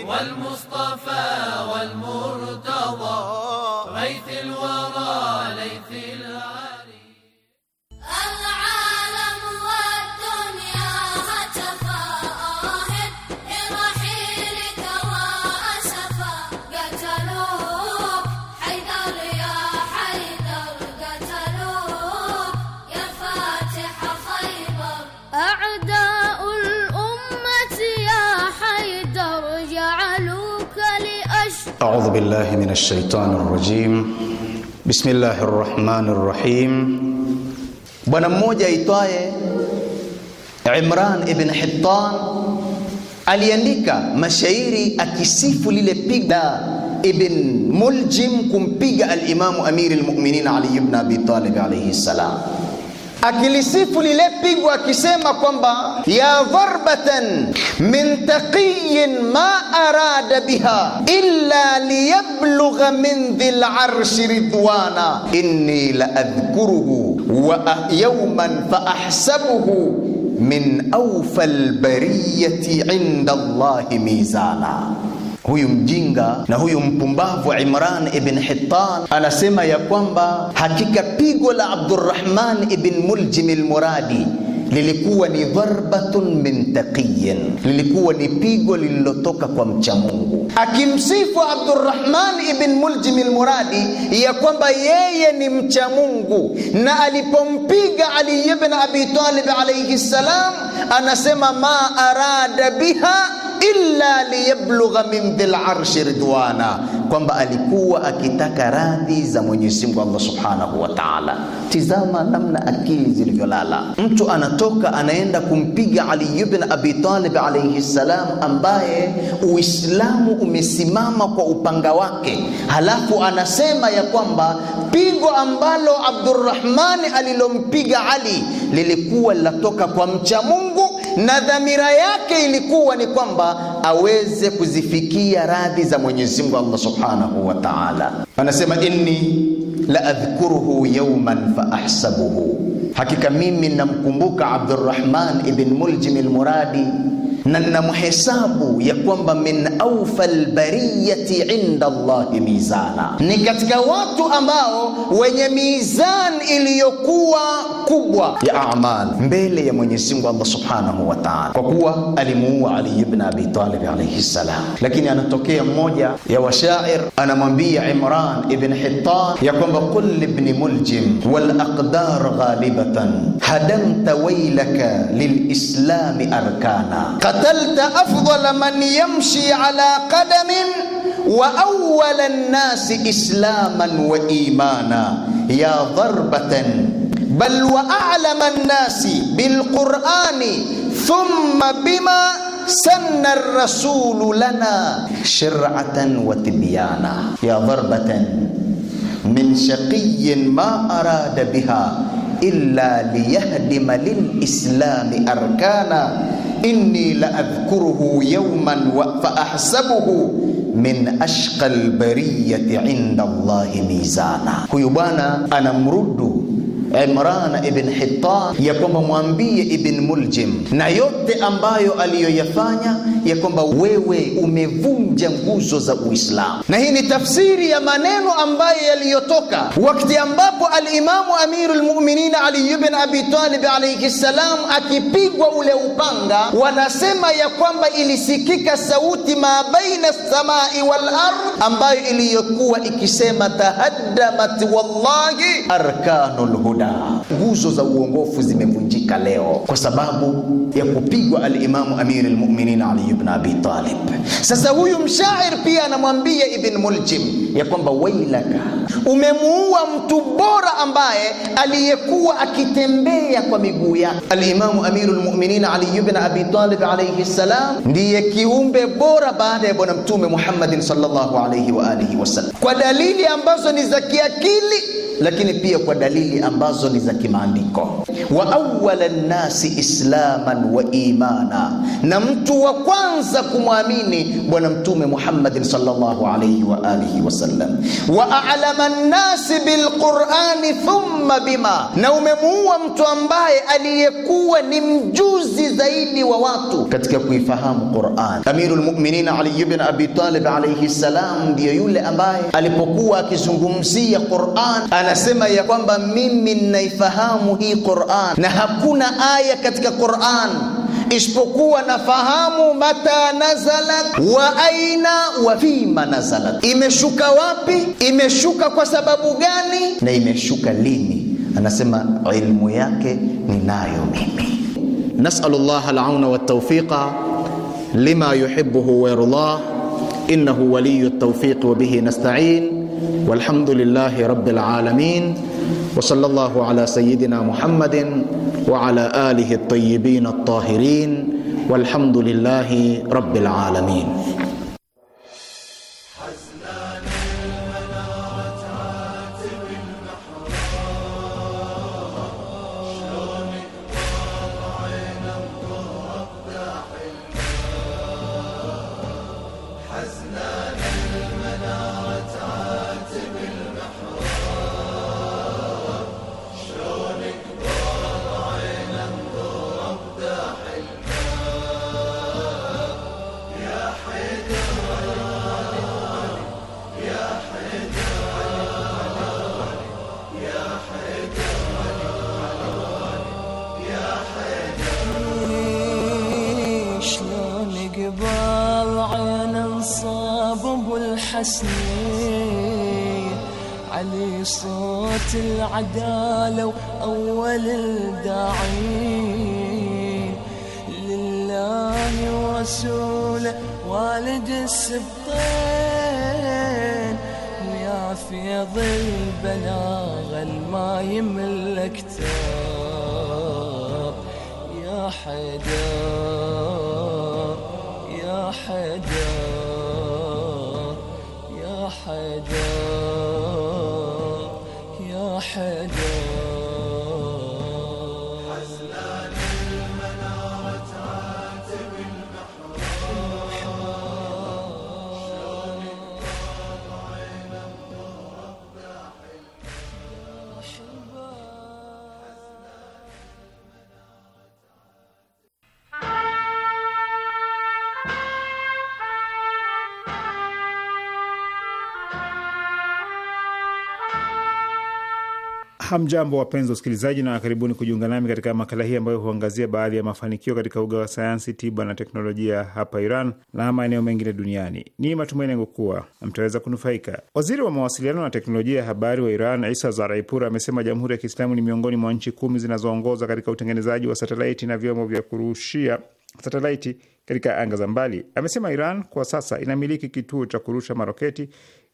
والمصطفى والمرتضى أعوذ بالله من الشيطان الرجيم بسم الله الرحمن الرحيم bwana mmoja aitwaye Imran ibn Hittan aliandika mashairi akisifu lile piga ibn Muljim kumpiga al-Imam Amir al-Mu'minin Ali ibn Abi Talib alayhi salam, akilisifu lile pigwa akisema يا ضربة من تقي ما أراد بها إلا ليبلغ من ذي العرش رضوانا إني لأذكره يوما فأحسبه من أوفى البرية عند الله ميزانا Huyu mjinga na huyu mpumbavu Imran ibn Hittan anasema ya kwamba hakika pigo la Abdurrahman ibn Muljim al-Muradi lilikuwa ni dharbatun min taqiyin, lilikuwa ni pigo lililotoka kwa mcha Mungu, akimsifu Abdurrahman ibn Muljim al-Muradi ya kwamba yeye ni mcha Mungu, na alipompiga Ali ibn Abi Talib alayhi salam, anasema ma arada biha illa liyablugha min dhil arshi ridwana, kwamba alikuwa akitaka radhi za Mwenyezi Mungu Allah Subhanahu wa Ta'ala. Tizama namna akili zilivyolala. Mtu anatoka anaenda kumpiga Ali ibn Abi Talib alayhi salam, ambaye Uislamu umesimama kwa upanga wake, halafu anasema ya kwamba pigo ambalo Abdurrahmani alilompiga Ali lilikuwa linatoka kwa mcha Mungu na dhamira yake ilikuwa ni kwamba aweze kuzifikia radhi za Mwenyezi Mungu Allah Subhanahu wa Ta'ala. Anasema inni la adhkuruhu yawman fa ahsabuhu, hakika mimi namkumbuka Abdurrahman ibn Muljim al-Muradi na ninamhesabu ya kwamba min aufa lbariyati inda allahi mizana, ni katika watu ambao wenye mizan iliyokuwa kubwa ya amal mbele ya Mwenyezi Mungu Allah subhanahu wa taala, kwa kuwa alimuua Ali ibn Abi Talib alayhi salam. Lakini anatokea mmoja ya washair anamwambia Imran ibn Hittan ya kwamba qul libn muljim wal aqdar ghalibatan hadamta waylaka lilislami arkana قتلت أفضل من يمشي على قدم وأول الناس إسلاما وإيمانا يا ضربة بل وأعلم الناس بالقرآن ثم بما سن الرسول لنا شرعة وتبيانا يا ضربة من شقي ما أراد بها إلا ليهدم للإسلام أركانا إني لأذكره يوما فأحسبه من أشقى البرية عند الله ميزانا كيبانا أنا مرد Imran ibn Hittan ya kwamba mwambie Ibn Muljim na yote ambayo aliyoyafanya, ya kwamba wewe umevunja nguzo za Uislamu. Na hii ni tafsiri ya maneno ambayo yaliyotoka wakati ambapo alimamu amiru lmuminin Mu'minin Ali ibn Abi Talib alayhi salam akipigwa ule upanga, wanasema ya kwamba ilisikika sauti ma baina samai wal ard, ambayo iliyokuwa ikisema tahaddamat wallahi arkanul huda Nguzo za uongofu zimevu imevunjika leo kwa sababu ya kupigwa alimamu amiri almuminin Ali ibn Abi Talib. Sasa huyu mshair pia anamwambia Ibn Muljim ya kwamba wailaka, umemuua mtu bora ambaye aliyekuwa akitembea kwa miguu yake. Alimamu amiru lmuminin Ali ibn Abi Talib alayhi salam ndiye kiumbe bora baada ya Bwana Mtume Muhammadin sallallahu alayhi wa alihi wasallam, kwa dalili ambazo ni za kiakili, lakini pia kwa dalili ambazo ni za kimaandiko wa awwala nnasi islaman wa imana, na mtu wa kwanza kumwamini Bwana Mtume Muhammadin sallallahu alayhi wa alihi wasallam. Wa a'lama nnasi bilqurani thumma bima, na umemuua mtu ambaye aliyekuwa ni mjuzi zaidi wa watu katika kuifahamu Qurani. Amirul Mu'minin Ali ibn Abi Talib alayhi salam ndiye yule ambaye alipokuwa akizungumzia Qurani anasema ya kwamba mimi ninaifahamu hii Qurani na hakuna aya katika Qur'an isipokuwa nafahamu mata nazalat wa aina wa fima nazalat, imeshuka wapi, imeshuka kwa sababu gani, na imeshuka lini. Anasema ilmu yake ninayo mimi. Nasalullah alauna waltawfiqa lima yuhibbuhu wayardah innahu waliyu ltawfiqi wabihi nasta'in walhamdulillahi rabbil alamin wa sallallahu ala sayyidina Muhammadin وعلى آله الطيبين الطاهرين والحمد لله رب العالمين Hamjambo, wapenzi wasikilizaji, na karibuni kujiunga nami katika makala hii ambayo huangazia baadhi ya mafanikio katika uga wa sayansi, tiba na teknolojia hapa Iran na maeneo mengine duniani. Ni matumaini yangu kuwa mtaweza kunufaika. Waziri wa mawasiliano na teknolojia ya habari wa Iran, Isa Zaraipur, amesema Jamhuri ya Kiislamu ni miongoni mwa nchi kumi zinazoongoza katika utengenezaji wa satelaiti na vyombo vya kurushia satelaiti katika anga za mbali. Amesema Iran kwa sasa inamiliki kituo cha kurusha maroketi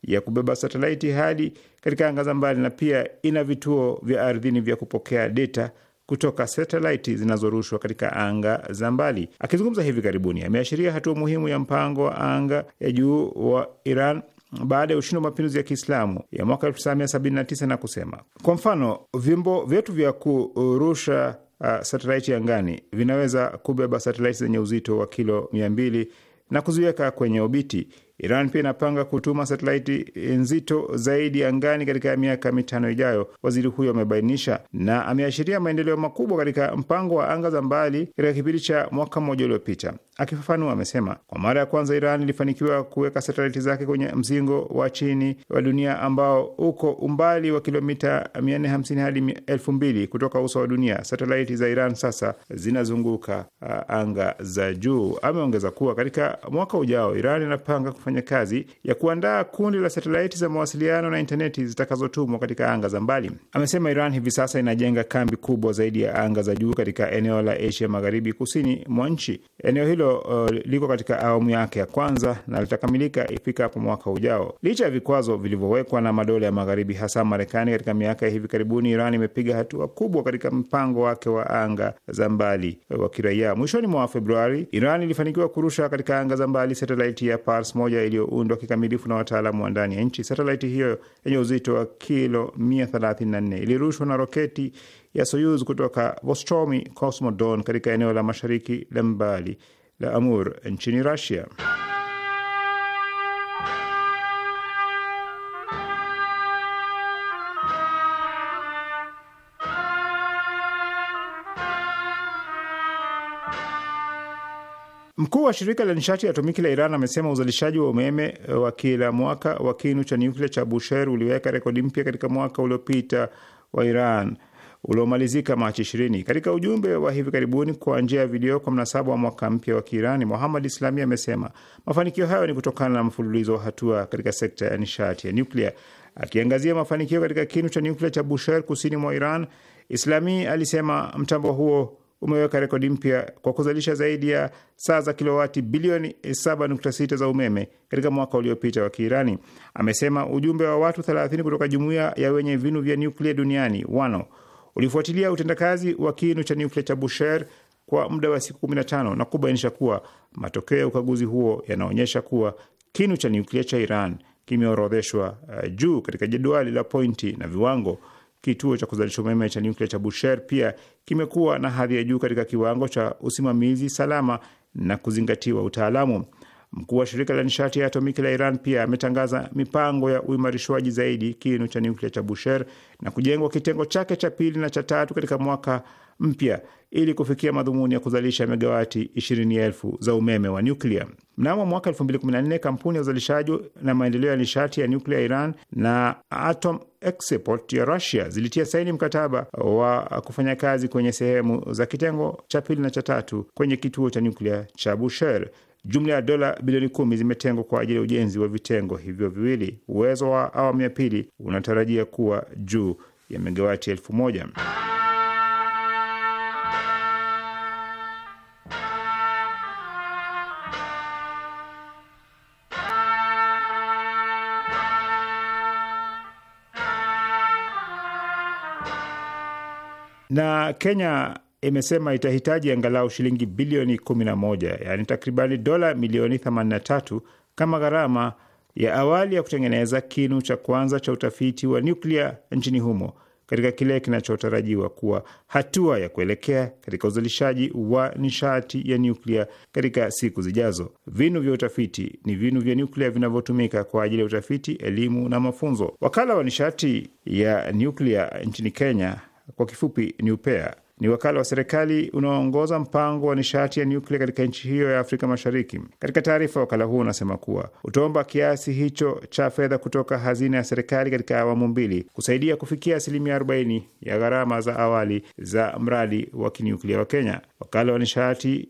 ya kubeba satelaiti hadi katika anga za mbali na pia ina vituo vya ardhini vya kupokea data kutoka satelaiti zinazorushwa katika anga za mbali. Akizungumza hivi karibuni, ameashiria hatua muhimu ya mpango wa anga ya juu wa Iran baada ya ushindi wa mapinduzi ya Kiislamu ya mwaka 1979 na kusema, kwa mfano, vyombo vyetu vya kurusha uh, satelaiti angani vinaweza kubeba satelaiti zenye uzito wa kilo 200 na kuziweka kwenye obiti. Iran pia inapanga kutuma satelaiti nzito zaidi angani katika miaka mitano ijayo, waziri huyo amebainisha, na ameashiria maendeleo makubwa katika mpango wa anga za mbali katika kipindi cha mwaka mmoja uliopita. Akifafanua amesema kwa mara ya kwanza Iran ilifanikiwa kuweka satelaiti zake kwenye mzingo wa chini wa dunia ambao uko umbali wa kilomita 450 hadi 2000 kutoka uso wa dunia. Satelaiti za Iran sasa zinazunguka uh, anga za juu. Ameongeza kuwa katika mwaka ujao Iran inapanga kufanya kazi ya kuandaa kundi la satelaiti za mawasiliano na intaneti zitakazotumwa katika anga za mbali. Amesema Iran hivi sasa inajenga kambi kubwa zaidi ya anga za juu katika eneo la Asia Magharibi kusini mwa nchi. Eneo hilo hilo uh, liko katika awamu yake ya kwanza na litakamilika ifika hapo mwaka ujao. Licha ya vikwazo vilivyowekwa na madola ya magharibi, hasa Marekani, katika miaka ya hivi karibuni, Iran imepiga hatua kubwa katika mpango wake wa anga za mbali uh, wa kiraia. Mwishoni mwa Februari, Iran ilifanikiwa kurusha katika anga za mbali satelaiti ya Pars moja iliyoundwa kikamilifu na wataalamu wa ndani ya nchi. Satelaiti hiyo yenye uzito wa kilo 134 ilirushwa na roketi ya Soyuz kutoka vostomi cosmodon katika eneo la mashariki la mbali la Amur nchini Russia. Mkuu wa shirika la nishati ya atomiki la Iran amesema uzalishaji wa umeme wa kila mwaka wa kinu cha nyuklia cha Bushehr uliweka rekodi mpya katika mwaka uliopita wa Iran uliomalizika Machi ishirini. Katika ujumbe wa hivi karibuni kwa njia ya video kwa mnasaba wa mwaka mpya wa Kiirani, Muhammad Islami amesema mafanikio hayo ni kutokana na mfululizo wa hatua katika sekta ya nishati ya nyuklia. Akiangazia mafanikio katika kinu cha nyuklia cha Bushehr kusini mwa Iran, Islami alisema mtambo huo umeweka rekodi mpya kwa kuzalisha zaidi ya saa za kilowati bilioni 7.6 za umeme katika mwaka uliopita wa Kiirani. Amesema ujumbe wa watu 30 kutoka jumuiya ya wenye vinu vya nyuklia duniani wano ulifuatilia utendakazi wa kinu cha nyuklia cha Bushehr kwa muda wa siku 15 na kubainisha kuwa matokeo ya ukaguzi huo yanaonyesha kuwa kinu cha nyuklia cha Iran kimeorodheshwa uh, juu katika jedwali la pointi na viwango. Kituo cha kuzalisha umeme cha nyuklia cha Bushehr pia kimekuwa na hadhi ya juu katika kiwango cha usimamizi salama na kuzingatiwa utaalamu. Mkuu wa shirika la nishati ya atomiki la Iran pia ametangaza mipango ya uimarishwaji zaidi kinu cha nyuklia cha Bushehr na kujengwa kitengo chake cha pili na cha tatu katika mwaka mpya ili kufikia madhumuni ya kuzalisha megawati 20,000 za umeme wa nyuklia. Mnamo mwaka 2014 kampuni ya uzalishaji na maendeleo ya nishati ya nyuklia ya Iran na Atom Export ya Russia zilitia saini mkataba wa kufanya kazi kwenye sehemu za kitengo cha pili na cha tatu kwenye kituo cha nyuklia cha Bushehr. Jumla ya dola bilioni kumi zimetengwa kwa ajili ya ujenzi wa vitengo hivyo viwili. Uwezo wa awamu ya pili unatarajia kuwa juu ya megawati elfu moja. na Kenya imesema itahitaji angalau shilingi bilioni 11, yaani takribani dola milioni 83 kama gharama ya awali ya kutengeneza kinu cha kwanza cha utafiti wa nyuklia nchini humo katika kile kinachotarajiwa kuwa hatua ya kuelekea katika uzalishaji wa nishati ya nyuklia katika siku zijazo. Vinu vya utafiti ni vinu vya nyuklia vinavyotumika kwa ajili ya utafiti, elimu na mafunzo. Wakala wa nishati ya nyuklia nchini Kenya, kwa kifupi NUPEA, ni wakala wa serikali unaoongoza mpango wa nishati ya nyuklia katika nchi hiyo ya Afrika Mashariki. Katika taarifa, wakala huo unasema kuwa utaomba kiasi hicho cha fedha kutoka hazina ya serikali katika awamu mbili kusaidia kufikia asilimia 40 ya gharama za awali za mradi wa kinyuklia wa Kenya. Wakala wa nishati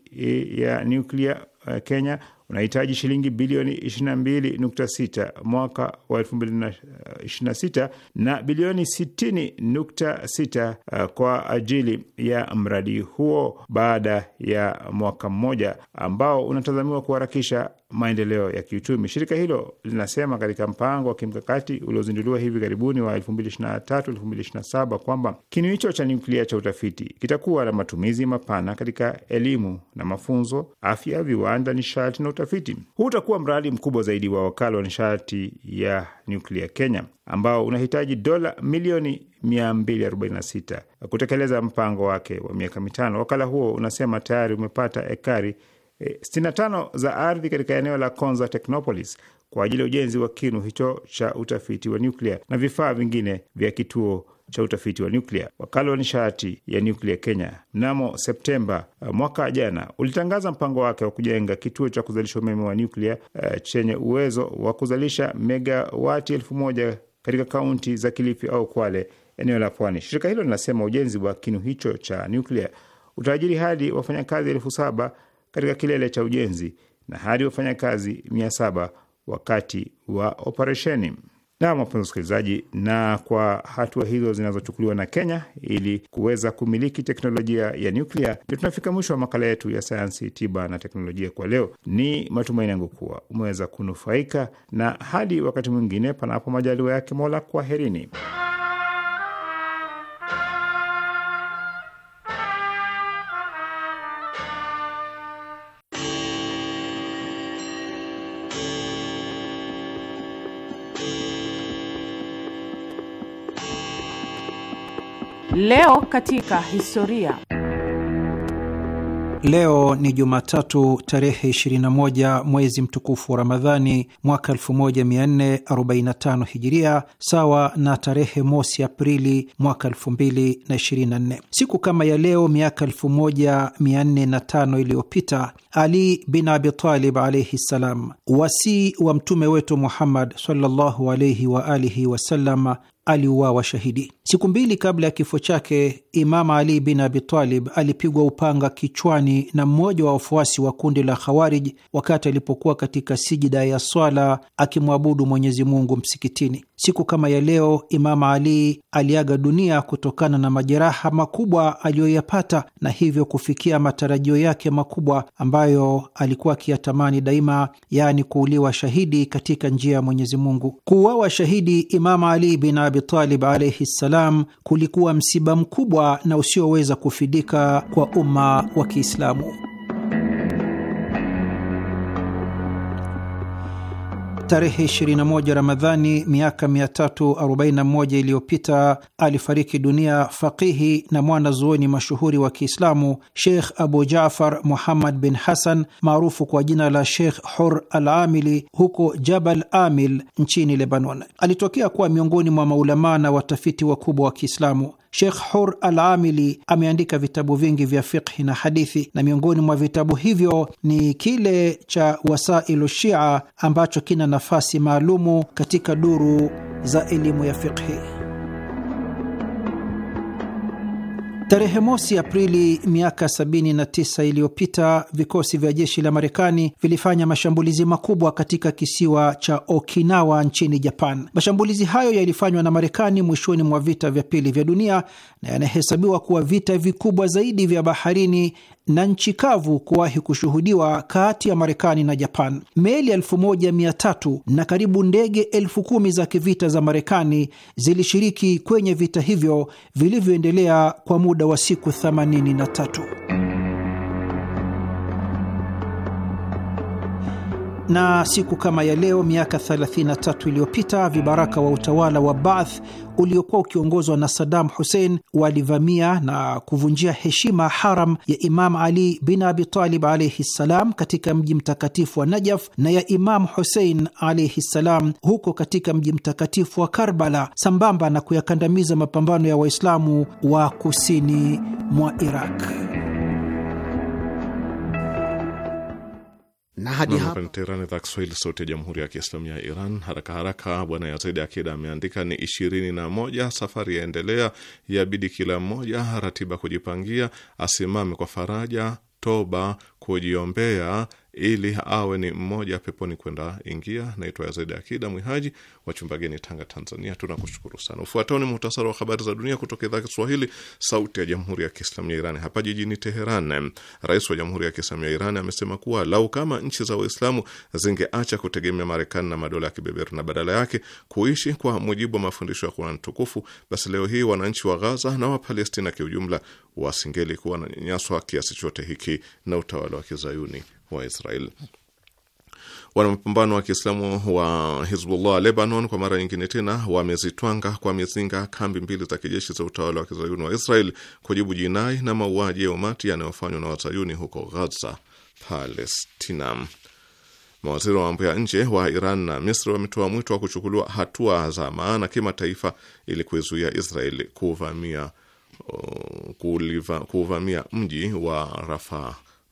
ya nyuklia eh, Kenya unahitaji shilingi bilioni 22.6 mwaka wa 2026 eh, na bilioni 60.6 eh, kwa ajili ya mradi huo baada ya mwaka mmoja ambao unatazamiwa kuharakisha maendeleo ya kiuchumi. Shirika hilo linasema katika mpango wa kimkakati uliozinduliwa hivi karibuni wa 2023-2027 kwamba kinu hicho cha nyuklia cha utafiti kitakuwa na matumizi mapana katika elimu na mafunzo, afya, viwanda, nishati na utafiti. Huu utakuwa mradi mkubwa zaidi wa wakala wa nishati ya nyuklia Kenya ambao unahitaji dola milioni 246 kutekeleza mpango wake wa miaka mitano. Wakala huo unasema tayari umepata ekari 65 eh, za ardhi katika eneo la Konza Technopolis kwa ajili ya ujenzi wa kinu hicho cha utafiti wa nyuklia na vifaa vingine vya kituo cha utafiti wa nyuklia. Wakala wa nishati ya nyuklia Kenya mnamo Septemba eh, mwaka jana ulitangaza mpango wake wa kujenga kituo cha kuzalisha umeme wa nyuklia uh, chenye uwezo wa kuzalisha megawati elfu moja katika kaunti za Kilifi au Kwale, eneo la Pwani. Shirika hilo linasema ujenzi wa kinu hicho cha nyuklia utaajiri hadi wafanyakazi elfu saba katika kilele cha ujenzi na hadi wafanyakazi mia saba wakati wa operesheni. Na wapenzi wasikilizaji, na kwa hatua hizo zinazochukuliwa na Kenya ili kuweza kumiliki teknolojia ya nyuklia, ndio tunafika mwisho wa makala yetu ya sayansi, tiba na teknolojia kwa leo. Ni matumaini yangu kuwa umeweza kunufaika, na hadi wakati mwingine, panapo majaliwa yake Mola, kwaherini. Leo katika historia. Leo ni Jumatatu tarehe 21 mwezi mtukufu wa Ramadhani mwaka 1445 Hijiria, sawa na tarehe mosi Aprili mwaka 2024. Siku kama ya leo miaka 1405 iliyopita, Ali bin Abitalib alaihi ssalam, wasii wa mtume wetu Muhammad sallallahu alaihi waalihi wasallam, aliuawa shahidi. Siku mbili kabla ya kifo chake, imama Ali bin Abi Talib alipigwa upanga kichwani na mmoja wa wafuasi wa kundi la Khawarij wakati alipokuwa katika sijida ya swala akimwabudu Mwenyezi Mungu msikitini. Siku kama ya leo Imam Ali aliaga dunia kutokana na majeraha makubwa aliyoyapata na hivyo kufikia matarajio yake makubwa ambayo alikuwa akiyatamani daima, yaani kuuliwa shahidi katika njia ya Mwenyezi Mungu. Kuuawa shahidi Imam Ali bin Abi Talib alaihi ssalam kulikuwa msiba mkubwa na usioweza kufidika kwa umma wa Kiislamu. Tarehe 21 Ramadhani miaka 341 iliyopita alifariki dunia faqihi na mwanazuoni mashuhuri wa Kiislamu Sheikh Abu Jafar Muhammad bin Hassan maarufu kwa jina la Sheikh Hur al Amili huko Jabal Amil nchini Lebanon. Alitokea kuwa miongoni mwa maulamaa na watafiti wakubwa wa Kiislamu. Shekh Hur al Amili ameandika vitabu vingi vya fiqhi na hadithi, na miongoni mwa vitabu hivyo ni kile cha Wasailu Shia ambacho kina nafasi maalumu katika duru za elimu ya fiqhi. Tarehe mosi Aprili miaka 79 iliyopita vikosi vya jeshi la Marekani vilifanya mashambulizi makubwa katika kisiwa cha Okinawa nchini Japan. Mashambulizi hayo yalifanywa na Marekani mwishoni mwa vita vya pili vya dunia na yanahesabiwa kuwa vita vikubwa zaidi vya baharini na nchi kavu kuwahi kushuhudiwa kati ya Marekani na Japan. Meli elfu moja mia tatu na karibu ndege elfu kumi za kivita za Marekani zilishiriki kwenye vita hivyo vilivyoendelea kwa muda wa siku 83. na siku kama ya leo miaka 33 iliyopita vibaraka wa utawala wa Baath uliokuwa ukiongozwa na Saddam Hussein walivamia na kuvunjia heshima haram ya Imam Ali bin Abi Talib alaihi ssalam katika mji mtakatifu wa Najaf na ya Imam Hussein alaihi ssalam huko katika mji mtakatifu wa Karbala, sambamba na kuyakandamiza mapambano ya Waislamu wa kusini mwa Iraq. na hadi hapa idhaa Kiswahili, sauti ya jamhuri ya kiislamu ya Iran. Haraka haraka, bwana Yazidi Akida ameandika ni ishirini na moja. Safari yaendelea, yabidi kila mmoja ratiba kujipangia, asimame kwa faraja, toba kujiombea ili awe ni mmoja peponi kwenda ingia. Naitwa Yazidi Akida Mwihaji wa Chumbageni, Tanga, Tanzania. Tunakushukuru sana. Ufuatao ni muhtasari wa habari za dunia kutoka idhaa Kiswahili sauti ya jamhuri ya Kiislamu ya Iran hapa jijini Teheran. Rais wa Jamhuri ya Kiislamu ya Iran amesema kuwa lau kama nchi za Waislamu zingeacha kutegemea Marekani na madola ya kibeberu na badala yake kuishi kwa mujibu wa mafundisho ya Kurani tukufu, basi leo hii wananchi wa Ghaza na Wapalestina kiujumla wasingelikuwa nyanyaswa kiasi chote hiki na utawala wa kizayuni wa Israel. Wanamapambano wa Kiislamu wa Hizbullah Lebanon kwa mara nyingine tena wamezitwanga kwa mizinga kambi mbili za kijeshi za utawala wa kizayuni wa Israel kujibu jinai na mauaji ya umati yanayofanywa na wazayuni huko Ghaza, Palestina. Mawaziri wa mambo ya nje wa Iran na Misri wametoa mwito wa kuchukuliwa hatua za maana kimataifa ili kuizuia Israel kuvamia uh, kuuvamia mji wa Rafaa